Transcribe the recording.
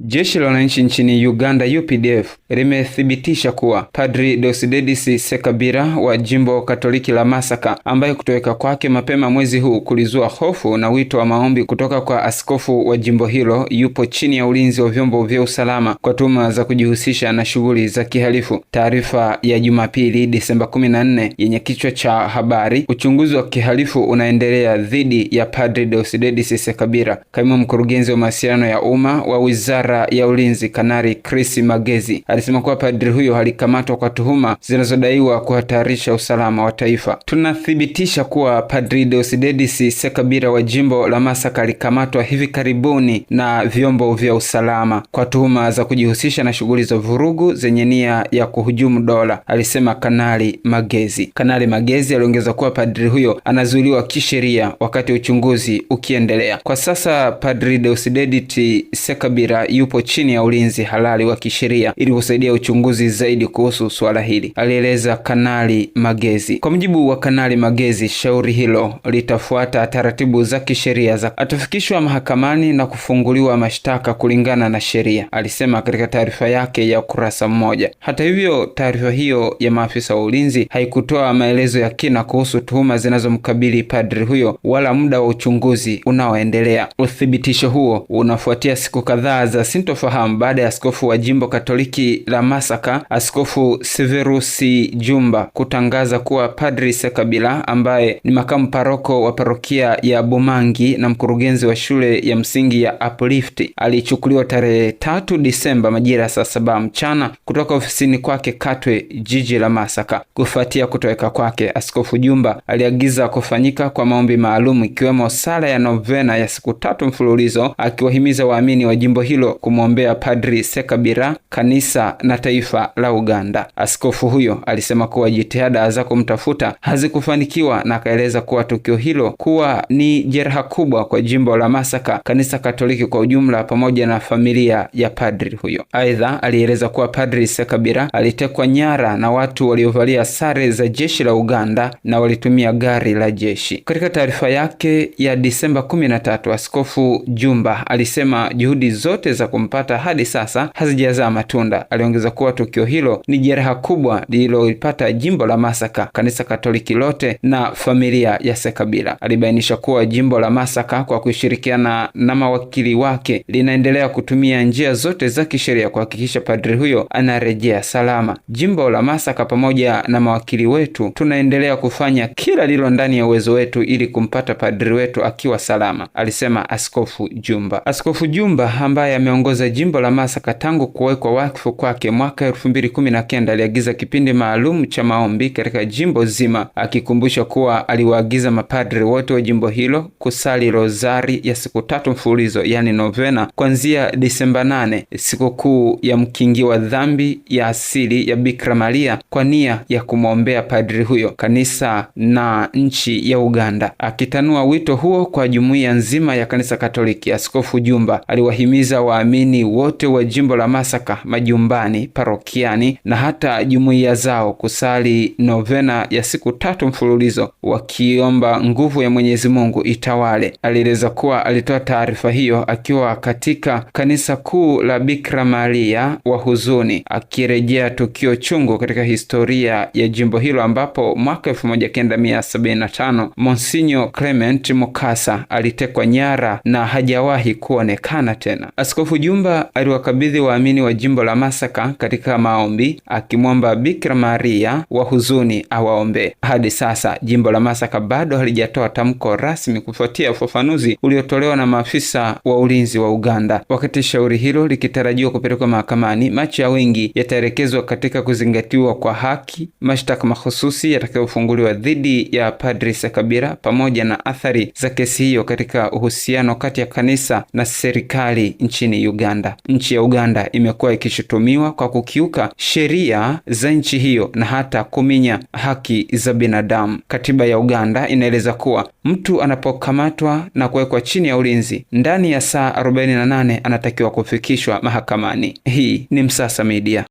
Jeshi la wananchi nchini Uganda UPDF limethibitisha kuwa Padri Deusidedis Sekabira wa jimbo Katoliki la Masaka, ambaye kutoweka kwake mapema mwezi huu kulizua hofu na wito wa maombi kutoka kwa askofu wa jimbo hilo, yupo chini ya ulinzi wa vyombo vya usalama kwa tuhuma za kujihusisha na shughuli za kihalifu. Taarifa ya Jumapili Disemba 14 yenye kichwa cha habari uchunguzi wa kihalifu unaendelea dhidi ya Padri Deusidedis Sekabira, kaimu mkurugenzi wa mawasiliano ya umma wa wizara idara ya ulinzi Kanari Chris Magezi alisema kuwa padri huyo alikamatwa kwa tuhuma zinazodaiwa kuhatarisha usalama wa taifa. Tunathibitisha kuwa padri Deusidedisi Sekabira wa jimbo la Masaka alikamatwa hivi karibuni na vyombo vya usalama kwa tuhuma za kujihusisha na shughuli za vurugu zenye nia ya kuhujumu dola, alisema Kanali Magezi. Kanali Magezi aliongeza kuwa padri huyo anazuiliwa kisheria wakati uchunguzi ukiendelea. Kwa sasa padri Deusidediti Sekabira yupo chini ya ulinzi halali wa kisheria ili kusaidia uchunguzi zaidi kuhusu suala hili, alieleza Kanali Magezi. Kwa mujibu wa Kanali Magezi, shauri hilo litafuata taratibu za kisheria za atafikishwa mahakamani na kufunguliwa mashtaka kulingana na sheria, alisema katika taarifa yake ya ukurasa mmoja. Hata hivyo, taarifa hiyo ya maafisa wa ulinzi haikutoa maelezo ya kina kuhusu tuhuma zinazomkabili padri huyo wala muda wa uchunguzi unaoendelea. Uthibitisho huo unafuatia siku kadhaa za sintofahamu baada ya askofu wa jimbo Katoliki la Masaka, Askofu Severusi Jumba kutangaza kuwa Padri Sekabila ambaye ni makamu paroko wa parokia ya Bumangi na mkurugenzi wa shule ya msingi ya Uplift alichukuliwa tarehe tatu Disemba majira ya saa saba mchana kutoka ofisini kwake Katwe, jiji la Masaka. Kufuatia kutoweka kwake, Askofu Jumba aliagiza kufanyika kwa maombi maalum ikiwemo sala ya novena ya siku tatu mfululizo, akiwahimiza waamini wa jimbo hilo kumwombea Padri Sekabira, kanisa na taifa la Uganda. Askofu huyo alisema kuwa jitihada za kumtafuta hazikufanikiwa na akaeleza kuwa tukio hilo kuwa ni jeraha kubwa kwa jimbo la Masaka, kanisa Katoliki kwa ujumla, pamoja na familia ya padri huyo. Aidha, alieleza kuwa Padri Sekabira alitekwa nyara na watu waliovalia sare za jeshi la Uganda na walitumia gari la jeshi. Katika taarifa yake ya Disemba 13, Askofu Jumba alisema juhudi zote za za kumpata hadi sasa hazijazaa matunda. Aliongeza kuwa tukio hilo ni jeraha kubwa lililoipata jimbo la Masaka, kanisa Katoliki lote na familia ya Sekabila. Alibainisha kuwa jimbo la Masaka kwa kushirikiana na mawakili wake linaendelea kutumia njia zote za kisheria kuhakikisha padri huyo anarejea salama. Jimbo la Masaka pamoja na mawakili wetu tunaendelea kufanya kila lilo ndani ya uwezo wetu ili kumpata padri wetu akiwa salama, alisema Askofu Jumba. Askofu Jumba ambaye ame anayeongoza jimbo la Masaka tangu kuwekwa wakfu kwake mwaka 2019 aliagiza kipindi maalum cha maombi katika jimbo zima, akikumbusha kuwa aliwaagiza mapadri wote wa jimbo hilo kusali rozari ya siku tatu mfululizo, yani novena, kuanzia Disemba 8, sikukuu ya mkingi wa dhambi ya asili ya Bikira Maria, kwa nia ya kumwombea padri huyo, kanisa na nchi ya Uganda. Akitanua wito huo kwa jumuiya nzima ya kanisa Katoliki, Askofu Jumba aliwahimiza wa waamini wote wa jimbo la Masaka majumbani, parokiani na hata jumuiya zao kusali novena ya siku tatu mfululizo wakiomba nguvu ya Mwenyezi Mungu itawale. Alieleza kuwa alitoa taarifa hiyo akiwa katika kanisa kuu la Bikira Maria wa huzuni, akirejea tukio chungu katika historia ya jimbo hilo ambapo mwaka 1975 Monsinyo Clement Mokasa alitekwa nyara na hajawahi kuonekana tena. Asko Askofu Jumba aliwakabidhi waamini wa jimbo la Masaka katika maombi, akimwomba Bikira Maria wa huzuni awaombe. Hadi sasa jimbo la Masaka bado halijatoa tamko rasmi kufuatia ufafanuzi uliotolewa na maafisa wa ulinzi wa Uganda. Wakati shauri hilo likitarajiwa kupelekwa mahakamani, macho ya wengi yataelekezwa katika kuzingatiwa kwa haki, mashtaka mahususi yatakayofunguliwa dhidi ya Padri Sakabira pamoja na athari za kesi hiyo katika uhusiano kati ya kanisa na serikali nchini nchini Uganda. Nchi ya Uganda imekuwa ikishutumiwa kwa kukiuka sheria za nchi hiyo na hata kuminya haki za binadamu. Katiba ya Uganda inaeleza kuwa mtu anapokamatwa na kuwekwa chini ya ulinzi, ndani ya saa 48 anatakiwa kufikishwa mahakamani. Hii ni Msasa Media.